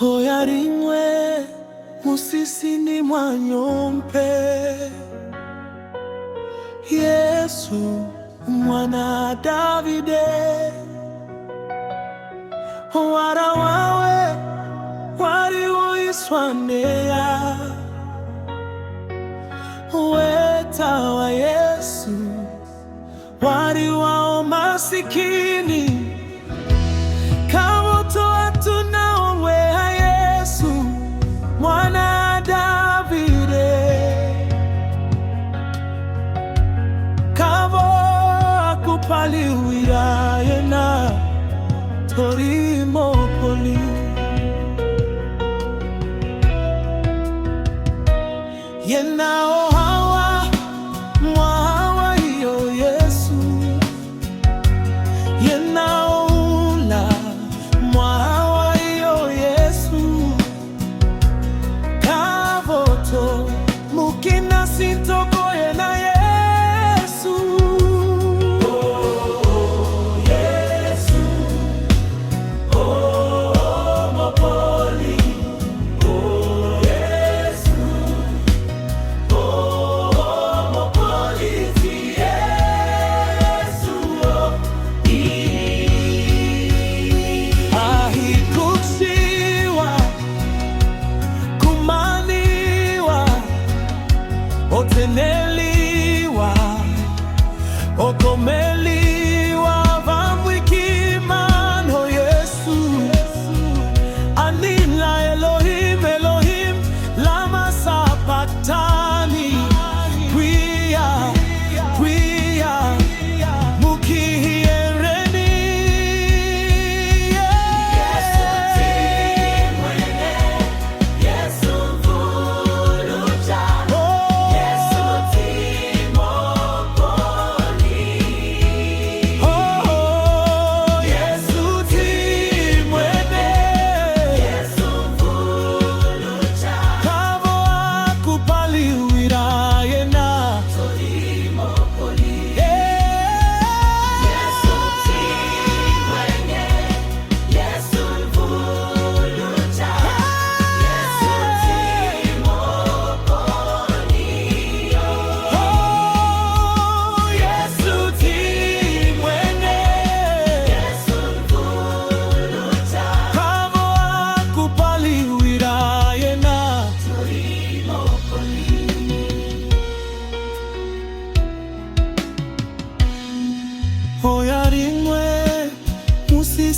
hoya musisini mwa nyompe Yesu mwana Davide wara wawe wari uiswanea weta wa Yesu wari wao masikini twali wira yena tori oteneliwa okomeli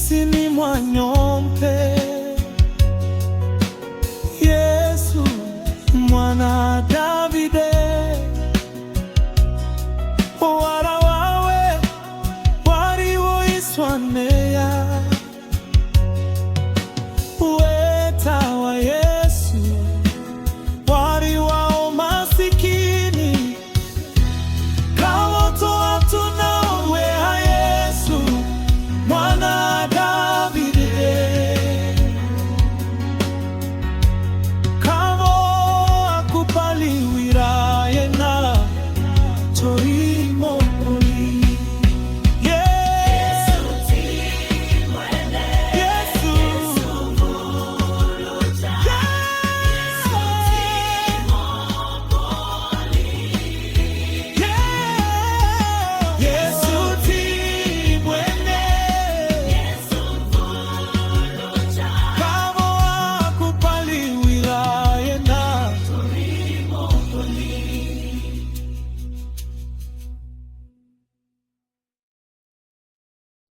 Sisi ni mwanyompe